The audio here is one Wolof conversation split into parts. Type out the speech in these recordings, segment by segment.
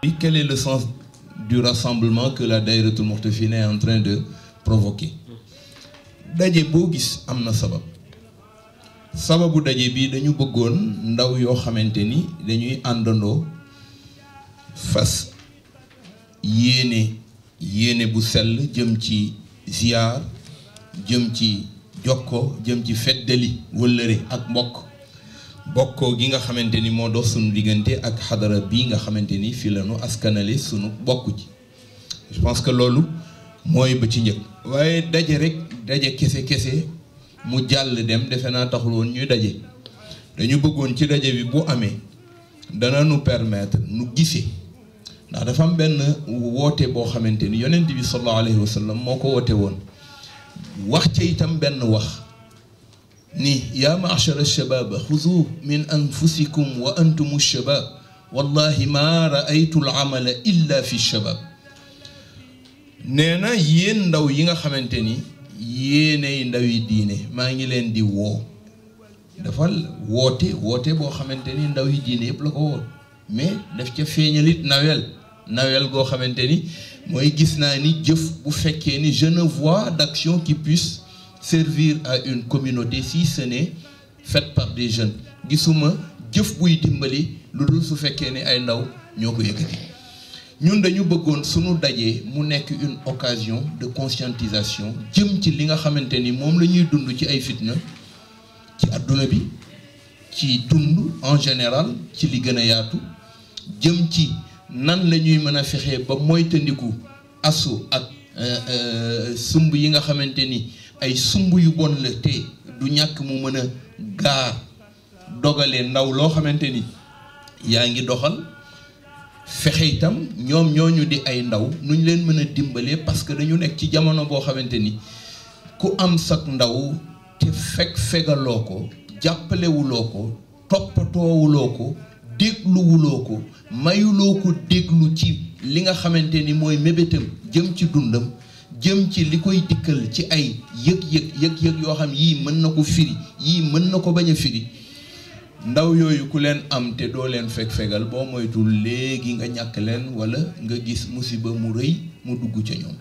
Quel le sens du rassemblement que la Dahiratoul Mouhtafina est de provoquer daje boo gis am na sabab sababu daje bi dañu bëggoon ndaw yoo xamante ni dañuy àndandoo fas yéene yéene bu sell jëm ci ziyaar jëm ci jokko jëm ci feddali wëllëre ak mbokk bokkoo gi nga xamante ni moo dox suñu diggante ak xadara bii nga xamante ni fii lanu ñu askanale sunu bokk ci je pense que loolu mooy ba ci njëkk. waaye daje rek daje kese kese mu jàll dem defe naa taxul woon ñuy daje dañu bëggoon ci daje bi bu amee dana nu permettre nu gisee ndax dafa am benn woote boo xamante ni yonent bi sallallahu alayhi wa moo ko woote woon wax ca itam benn wax. ni yaa ma'shara ash-shabaab xudu min anfusikum wa antum shabaab wallahi ma ra'aytu al-amala illa fi shabaab nee na yéen ndaw yi nga xamante ni yéenay ndaw yi diine maa ngi leen di woo dafa woote woote boo xamante ni ndaw yi diine yëpp la ko woo mais def ca feeñalit nawel nawel goo xamante ni mooy gis naa ni jëf bu fekkee ni je ne d'action qui puisse servir à une communauté si ce n'est faite par des jeunes gisuma jëf wuy dimbali lu dul su fekkee ne ay ndaw ñoo ko yëkkati ñun dañu bëggoon suñu dajee mu nekk une occasion de conscientisation jëm ci li nga xamante ni moom la ñuy dund ci ay fitna ci àdduna bi ci dund en général ci li gën a yaatu jëm ci nan lañuy ñuy mën a fexee ba moytandiku asso ak euh, euh, sumb yi nga xamante ni ay sumb yu bon la te du ñàkk mu mën a gaar dogale ndaw loo xamante ni yaa ngi doxal fexe itam ñoom ñooñu di ay ndaw nu ñu leen mën a dimbalee parce que dañu nekk ci jamono boo xamante ni ku am sag ndaw te fekk fegaloo ko jàppalewuloo ko toppatoowuloo ko dégluwuloo ko mayuloo ko déglu ci li nga xamante ni mooy mébétam jëm ci dundam jëm ci li koy dikkal ci ay yëg-yëg yëg yoo xam yii mën na ko firi yii mën na ko bañ a firi ndaw yooyu ku leen am te doo leen fekfegal boo moytul léegi nga ñàkk leen wala nga gis musiba mu rëy mu dugg ca ñoom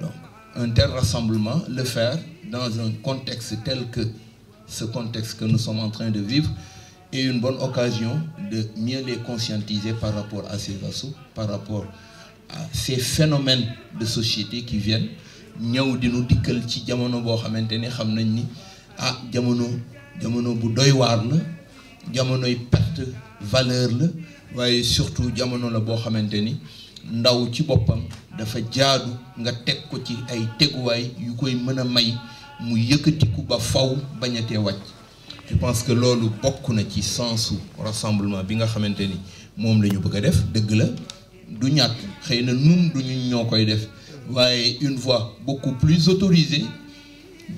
donc un tel rassemblement le faire dans un contexte tel que ce contexte que nous sommes en train de vivre est une bonne occasion de mieux les conscientiser par rapport à ces par rapport Euh, ces phénomènes de société qui viennent ñëw di nu dikkal ci jamono boo xamante ni xam nañ ni ah jamono jamono bu doy waar la jamonoy perte valeur la waaye surtout jamono la boo xamante ni ndaw ci boppam dafa jaadu nga teg ko ci ay teguwaay yu koy mën a may mu yëkkatiku ba fow bañatee wàcc je pense que loolu bokk na ci sensu rassemblement bi nga xamante ni moom la ñu bëgg a def dëgg la du ñàkk xëy na nun duñu ñoo koy def waaye une voix bokk plus autorisée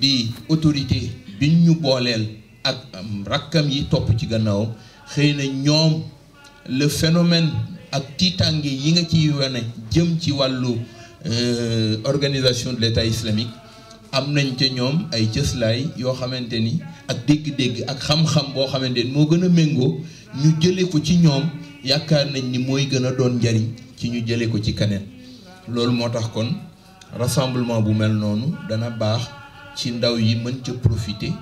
di autorité biñ ñu booleel ak rakkam yi topp ci gannaawam xëy na ñoom le phénomène ak tiitange yi nga ciy wane jëm ci wàllu euh, organisation de l'état islamique am nañ ca ñoom ay cëslaay yoo xamante ni ak dégg-dégg ak xam-xam boo xamante ni moo gën a méngoo ñu jëlee ko ci ñoom yaakaar nañ ni mooy gën a doon njariñ ci ñu jëlee ko ci keneen loolu moo tax kon rassemblement bu mel noonu dana baax ci ndaw yi mën ca profité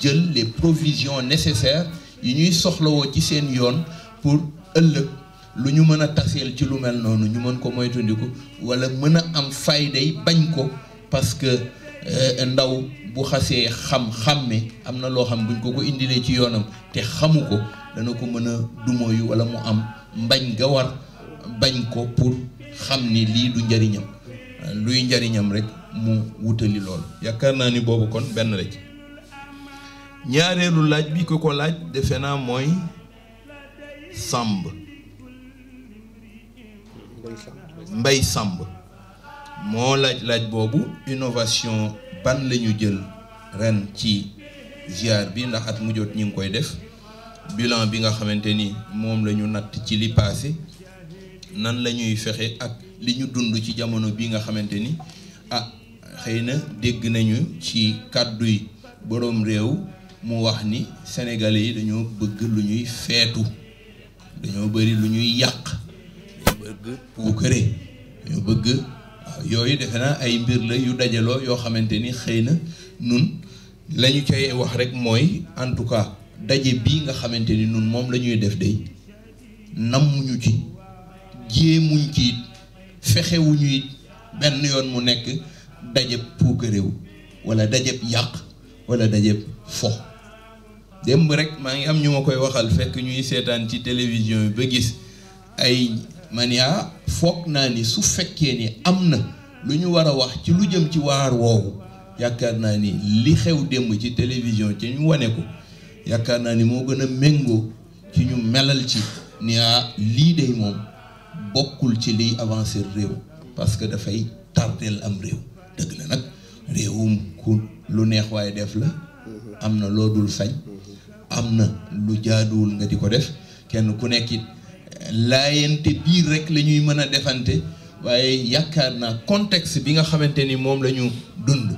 jël les provisions nécessaires yi ñuy soxlawoo ci seen yoon pour ëllëg lu ñu mën a taseel ci lu mel noonu ñu mën ko moytandiku wala mën a am fayday bañ ko parce que euh, ndaw bu xasee xam-xàmme am na loo xam buñ ko ko indilee ci yoonam te xamu ko dana ko mën a dumóoyu wala mu am mbañ ga bañ ko pour xam ni lii du njariñam luy njariñam rek mu wutali lool yaakaar naa ni boobu kon benn la ci ñaareelu laaj bi ko ko laaj defe naa mooy sàmb mbay sàmb moo laaj laaj boobu innovation ban lañu jël ren ci ziar bi ndax at mu jot ñu ngi koy def bilan bi nga xamante ni moom lañu ñu natt ci li passé nan lañuy ñuy fexe ak li ñu dund ci jamono bi nga xamante ni ah xëy na dégg nañu ci kàddu yi boroom réew mu wax ni sénégalais yi dañoo bëgg lu ñuy feetu dañoo bari lu ñuy yàq dañoo bëgg puukare dañoo bëgg yooyu defe naa ay mbir la yu dajaloo yoo xamante ni xëy na nun lañu cay wax rek mooy en tout cas daje bii nga xamante ni nun moom la ñuy def day nammuñu ci jéemuñ ci it fexewuñu it benn yoon mu nekk dajëb puukaréew wala dajëb yàq wala dajëb fo démb rek maa ngi am ñu ma koy waxal fekk ñuy seetaan ci télévision yi ba gis ay mania ah, foog naa ni su fekkee ni am na lu ñu war a wax ci lu jëm ci waar woowu yaakaar naa ni li xew démb ci télévision ci ñu wane ko yaakaar naa ni moo gën a méngoo ci ñu melal ci ni ah, lii day moom bokkul ci liy avancer réew parce que dafay tardeel am réew dëgg la nag réewum ku lu neex waaye def la am na loo dul sañ am na lu jaaduwul nga di ko def kenn ku nekk it laayante biir rek la ñuy mën a defante waaye yaakaar naa contexte bi nga xamante ni moom la dund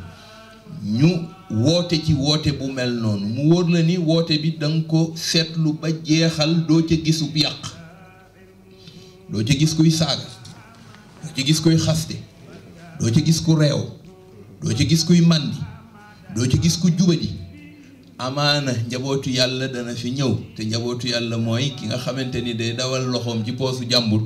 ñu woote ci woote bu mel noonu mu wóor na ni woote bi da nga ko seetlu ba jeexal doo ca gisub yàq doo ci gis kuy saaga doo ci gis kuy xasti doo ci gis ku reew doo ci gis kuy màndi doo ci gis ku jubadi amaana njabootu yàlla dana fi ñëw te njabootu yàlla mooy ki nga xamante ni day dawal loxoom ci poosu jàmbur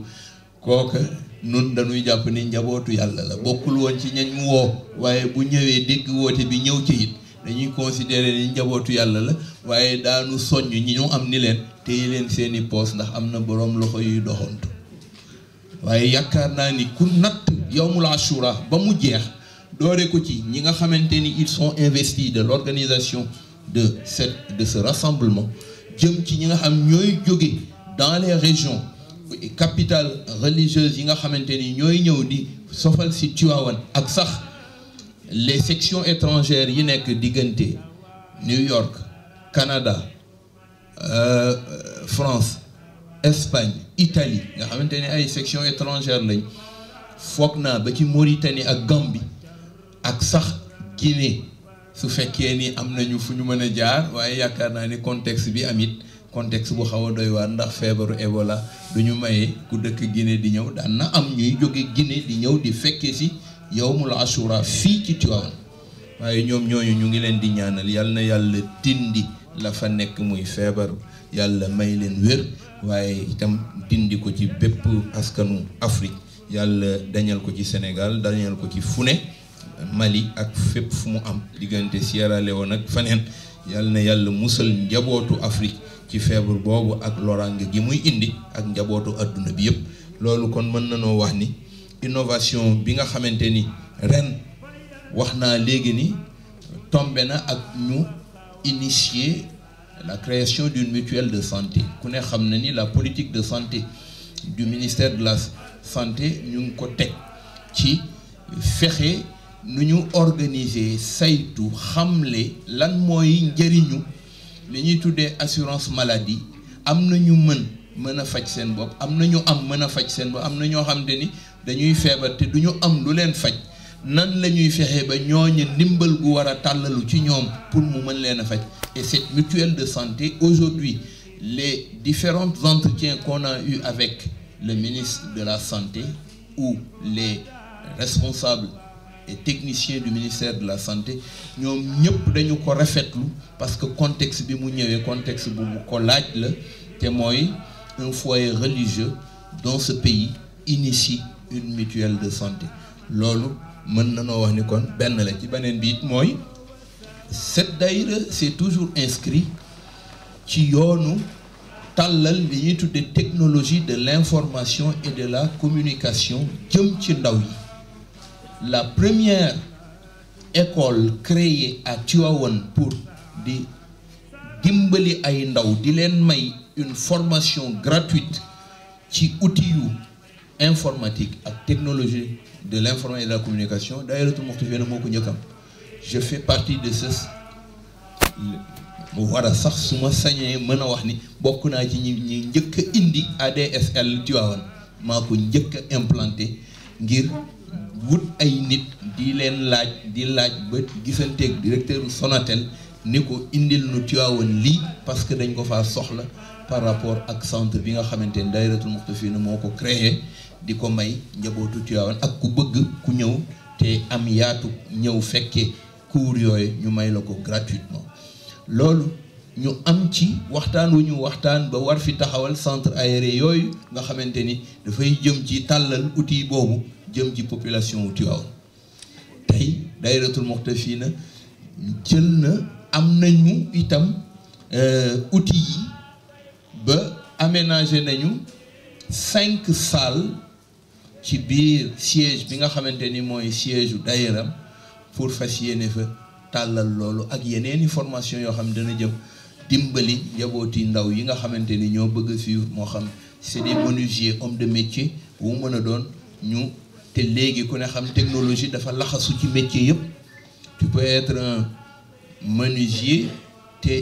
kooka nun dañuy jàpp ni njabootu yàlla la bokkul woon ci ñañ woo waaye bu ñëwee dégg woote bi ñëw ci it dañuy considéré ni njabootu yàlla la waaye daanu soññ ñi ñu am ni leen téye leen seeni poos ndax am na boroom loxo yuy doxantu waaye yaakaar naa ni ku natt yawmul ashura ba mu jeex doore ko ci ñi nga xamante ni ils sont investis de l'organisation de cette de ce rassemblement jëm ci ñi nga xam ñooy jóge dans les régions capitales religieuses yi nga xamante ni ñooy ñëw di sofal si Tivaouane ak sax les sections étrangères yi nekk diggante New York Canada euh, France Espagne Italie nga xamante ne ay section étrangère lañ foog naa ba ci Mauritanie ak Gambie ak sax Guinée su fekkee ni am nañu fu ñu mën a jaar waaye yaakaar naa ni contexte bi am it contexte bu xaw a doy waar ndax feebaru Ebola du ñu maye ku dëkk Guinée di ñëw daan na am ñuy jóge Guinée di ñëw di fekkee si yawmul ashura fii ci Tivaouane waaye ñoom ñooñu ñu ngi leen di ñaanal yal na yàlla dindi la fa nekk muy feebaru yàlla may leen wér waaye itam dindi ko ci bépp askanu Afrique yàlla dañal ko ci senegal dañal ko ci fune Mali ak fépp fu mu am diggante Sierra Leone ak faneen yàlla na yàlla musal njabootu Afrique ci feebar boobu ak loraange gi muy indi ak njabootu àdduna bi yëpp loolu kon mën nañoo wax ni innovation bi nga xamante ni ren wax naa léegi ni tombe na ak ñu initier la création d'une mutuelle de santé ku ne xam na ni la politique de santé du ministère de la santé ñu ngi ko teg ci fexe nu ñu organiser saytu xamle lan mooy njëriñu li ñuy tuddee assurance maladie am na ñu mën mën a faj seen bopp am na ñu am mën a faj seen bopp am na ñoo xam te ni dañuy feebar te du ñu am lu leen faj. nan la ñuy fexe ba ñooñu ndimbal gu war a tàllalu ci ñoom pour mu mën leen a faj et cette mutuelle de santé aujourd'hui les différents entretiens qu'on a eu avec le ministre de la santé ou les responsables et techniciens du ministère de la santé ñoom ñëpp dañu ko rafetlu parce que contexte bi mu ñëwee contexte bu mu ko laaj la te mooy un foyer religieux dans ce pays initie une mutuelle de santé loolu mën na noo wax ni kon benn la ci beneen biit mooy cette daïra c'est toujours inscrit ci yoonu tàllal li ñuy technologie de l'information et de la communication jëm ci ndaw yi la première école créée à Tivaouane pour di dimbali ay ndaw di leen may une formation gratuite ci outil yu informatique ak technologie de l'information et de la communication Dahiratoul Moukhtafiina moo ko njëkk am je fais partie de ce mu war a sax su ma sañee mën a wax ni bokk naa ci ñi ñi njëkk indi ADSL Tivaouane maa ko njëkk a implanté ngir wut ay nit di leen laaj di laaj ba gisanteeg directeur Sonatel ni ko indil nu Tivaouane lii parce que dañ ko fa soxla par rapport ak centre bi nga xamante ni Dahiratoul Moukhtafiina moo ko créé di ko may njabootu Tiwaawan ak ku bëgg ku ñëw te am yaatu ñëw fekke cours yooyu ñu may la ko gratuitement loolu ñu am ci waxtaan wu ñu waxtaan ba war fi taxawal centre aéré yooyu nga xamante ni dafay jëm ci tàllal uti boobu jëm ci population wu Tiwaawan tey fii Muqtafina jël na am nañu itam euh, outil yi ba aménagé nañu cinq salles ci biir siège bi nga xamante ni mooy siège u daayiraam pour fas yéene fa tàllal loolu ak yeneeni formation yoo xam dana jëm dimbali njabooti ndaw yi nga xamante ni ñoo bëgg a moo xam c'est des menuisiers hommes de métier bu mu mën a doon ñu te léegi ku ne xam technologie dafa laxasu ci métier yëpp tu peux être un te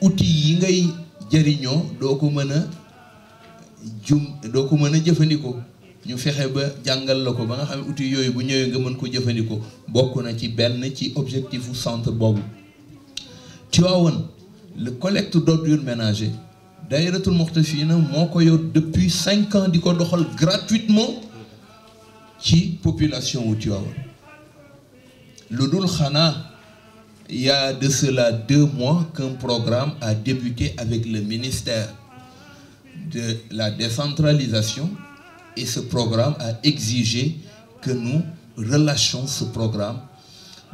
outil yi ngay jëriñoo doo ko mën a jum doo ko mën a jëfandikoo ñu fexe ba jàngal la ko ba nga xam ne outil yooyu bu ñëwee nga mën ko jëfandikoo bokk na ci benn ci objectifu centre boobu Tivaouane le collecte d'ordures ménagères Dahiratoul Mouhtafina moo ko yor depuis cinq ans di ko doxal gratuitement ci population wu Tivaouane lu dul xanaa il y a de cela deux mois qu'un programme a débuté avec le ministère de la décentralisation et ce programme a exigé que nous relâchions ce programme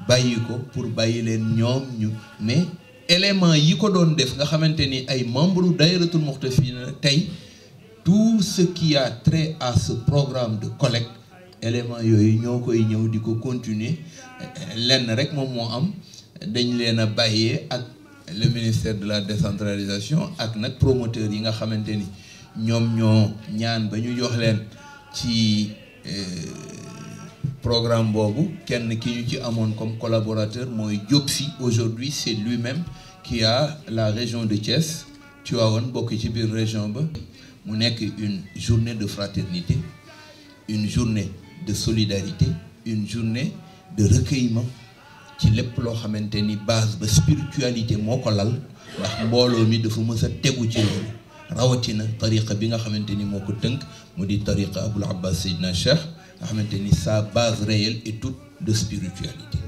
bàyyi ko pour bàyyi leen ñoom ñu mais élément yi ko doon def nga xamante ni ay membres Dahiratoul Muqtafina tey tout ce qui a trait à ce programme de collecte élément yooyu ñoo koy ñëw di ko continuer lenn rek moom moo am dañ leen a bàyyee ak le ministère de la décentralisation ak nag promoteurs yi nga xamante ni ñoom ñoo ñaan ba ñu jox leen ci eh, programme boobu kenn ki ñu ci amoon comme collaborateur mooy Diop Sy aujourd'hui c'est lui-même qui a la région de Thiès Tivaouane bokk ci biir région ba mu nekk une journée de fraternité une journée de solidarité une journée de recueillement ci lépp loo xamante ni base ba spiritualité moo ko lal ndax mbooloo mi dafa mës a tegu ci loolu rawatina tariqa bi nga xamante ni moo ko tënk mu di tariqa Abul Abbas na Cheikh nga xamante ni sa base réelle est toute de spiritualité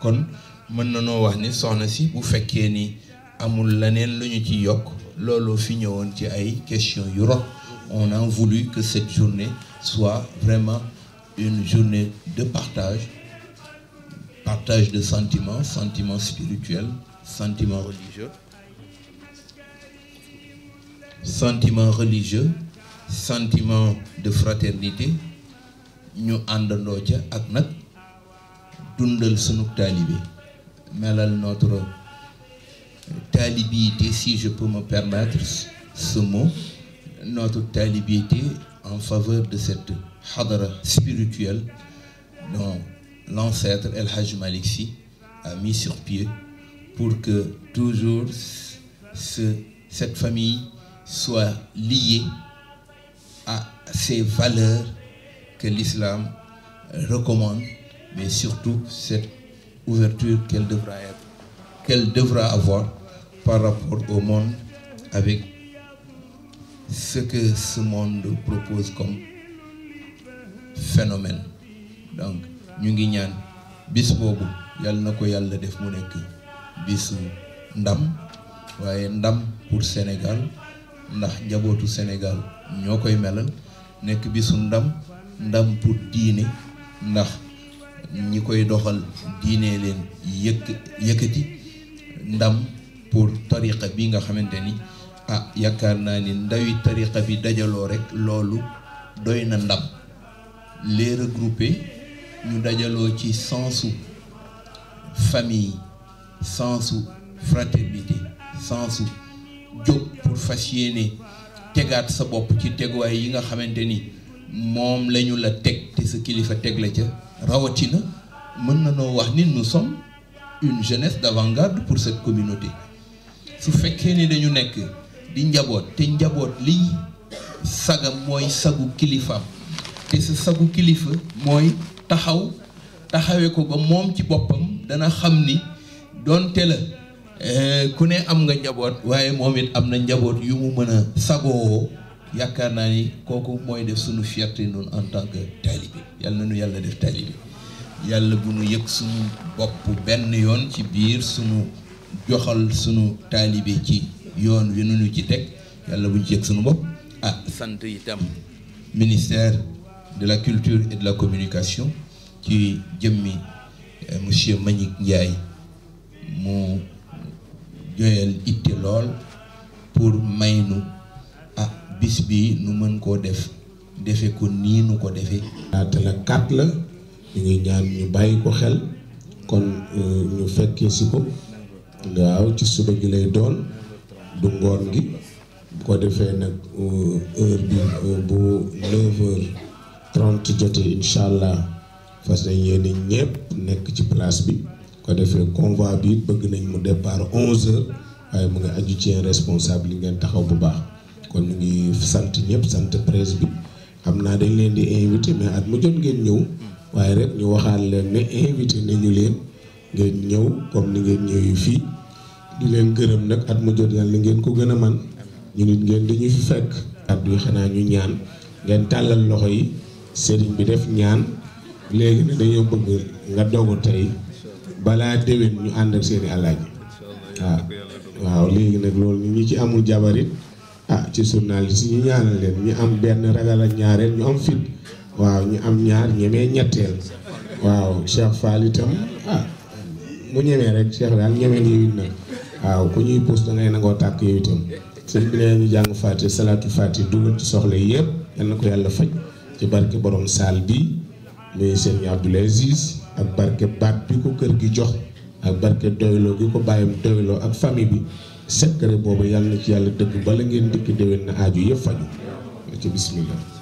kon mën na noo wax ni soxna si bu fekkee ni amul leneen lu ñu ci yokk looloo fi ñëwoon ci ay questions yu rot on a voulu que cette journée soit vraiment une journée de partage partage de sentiments sentiments spirituels sentiments religieux sentiment religieux sentiment de fraternité ñu àndandoo ca ak nag dundal sunu taalibe melal notre talibité si je peux me permettre ce mot notre talibité en faveur de cet hadara spirituelle dont l'ancêtre El Hadj Malick Sy a sur pied pour que toujours ce cette famille soit lié à ces valeurs que l'islam recommande, mais surtout cette ouverture qu'elle devra être, qu'elle devra avoir par rapport au monde avec ce que ce monde propose comme phénomène. Donc, ñu ngi ñaan bis boobu yàlla na ko yàlla def mu nekk bisu ndam waaye ndam pour Sénégal ndax njabootu Sénégal ñoo koy melal nekk bisu ndam ndam pour diine ndax ñi koy doxal diine leen yëkk yëkkati ndam pour tariqa bi nga xamante ni ah yaakaar naa ni ndawi tariqa bi dajaloo rek loolu doy na ndam les groupe ñu dajaloo ci sensu famille sensu fraternité sensu jóg pour fas yéene tegaat sa bopp ci teguwaay yi nga xamante ni moom lañu la teg te sa kilifa teg la ca rawatina mën na noo wax ni nous sommes une jeunesse d'avant-garde pour cette communauté su fekkee ni dañu nekk di njaboot te njaboot liy sagam mooy sagu kilifaam te sa sagu kilifa mooy taxaw taxawee ko ba moom ci boppam dana xam ni doonte la Eh, ku ne am nga njaboot waaye moom it am na njaboot yu mu mën a sagoo yaakaar naa ni kooku mooy def suñu fierté noonu en tant que taalibi yàlla nañu yàlla def taalibi yàlla bu nu yëg suñu bopp benn yoon ci biir suñu joxal suñu taalibe ci yoon wi nu ñu ci teg yàlla bu ñu ci yëg suñu bopp ah sant itam ministère de la culture et de la communication ci jëmmi eh, monsieur Mbagnick Ndiaye mu joyal itte lool pour may nu ah bis bi nu mën koo def defe ko nii nu ko defee. laata la kat la ñu ngi ñaan ñu bàyyi ko xel kon euh, ñu fekkee si ko waaw ci suba gi lay doon du ngoon gi bu ko defee nag euh, heure bi euh, bu 9h30 jotee incha allah fas nañ yéene nekk ci place bi. ko defee convoi bi bëgg nañ mu départ onze heures waaye mu ngi aju ci responsable yi ngeen taxaw bu baax kon ñu ngi sant ñëpp sant press bi xam naa dañ leen di invité mais at mu jot ngeen ñëw waaye rek ñu waxaat leen ne invité nañu leen ngeen ñëw comme ni ngeen ñëwee fii di leen gërëm nag at mu jot li ngeen ko gën a man ñu nit ngeen dañu fi fekk kàddu yi xanaa ñu ñaan ngeen tàllal loxo yi sëriñ bi def ñaan léegi ne dañoo bëgg nga dogu balaa déwén ñu ànd ak seeni alaaji waaw ah, waaw léegi nag loolu ni ñi ci amul jabarit ah ci journaliste yi ñu ñaanal ñu am benn ragal ak ñaareel ñu am fit waaw ñu am ñaar ñemee ñetteel waaw Cheikh Fall itam ah, mu ñemee rek Cheikh daal ñemeel yow nag waaw ku ñuy puus da ngay nangoo tàkk yow itam sëñ bi ñu jàng fàtte salaatu fàtte dugal ci soxla yëpp yal na ko yàlla faj ci barke borom saal bi muy sëñ Abdoul Aziz ak barke baat bi ko kër gi jox ak barke doyloo gi ko bàyyam doyloo ak famille bi secret boobu yàlla na ci yàlla dëgg bala ngeen dikk déwén na aaju yëpp faju ci bismillah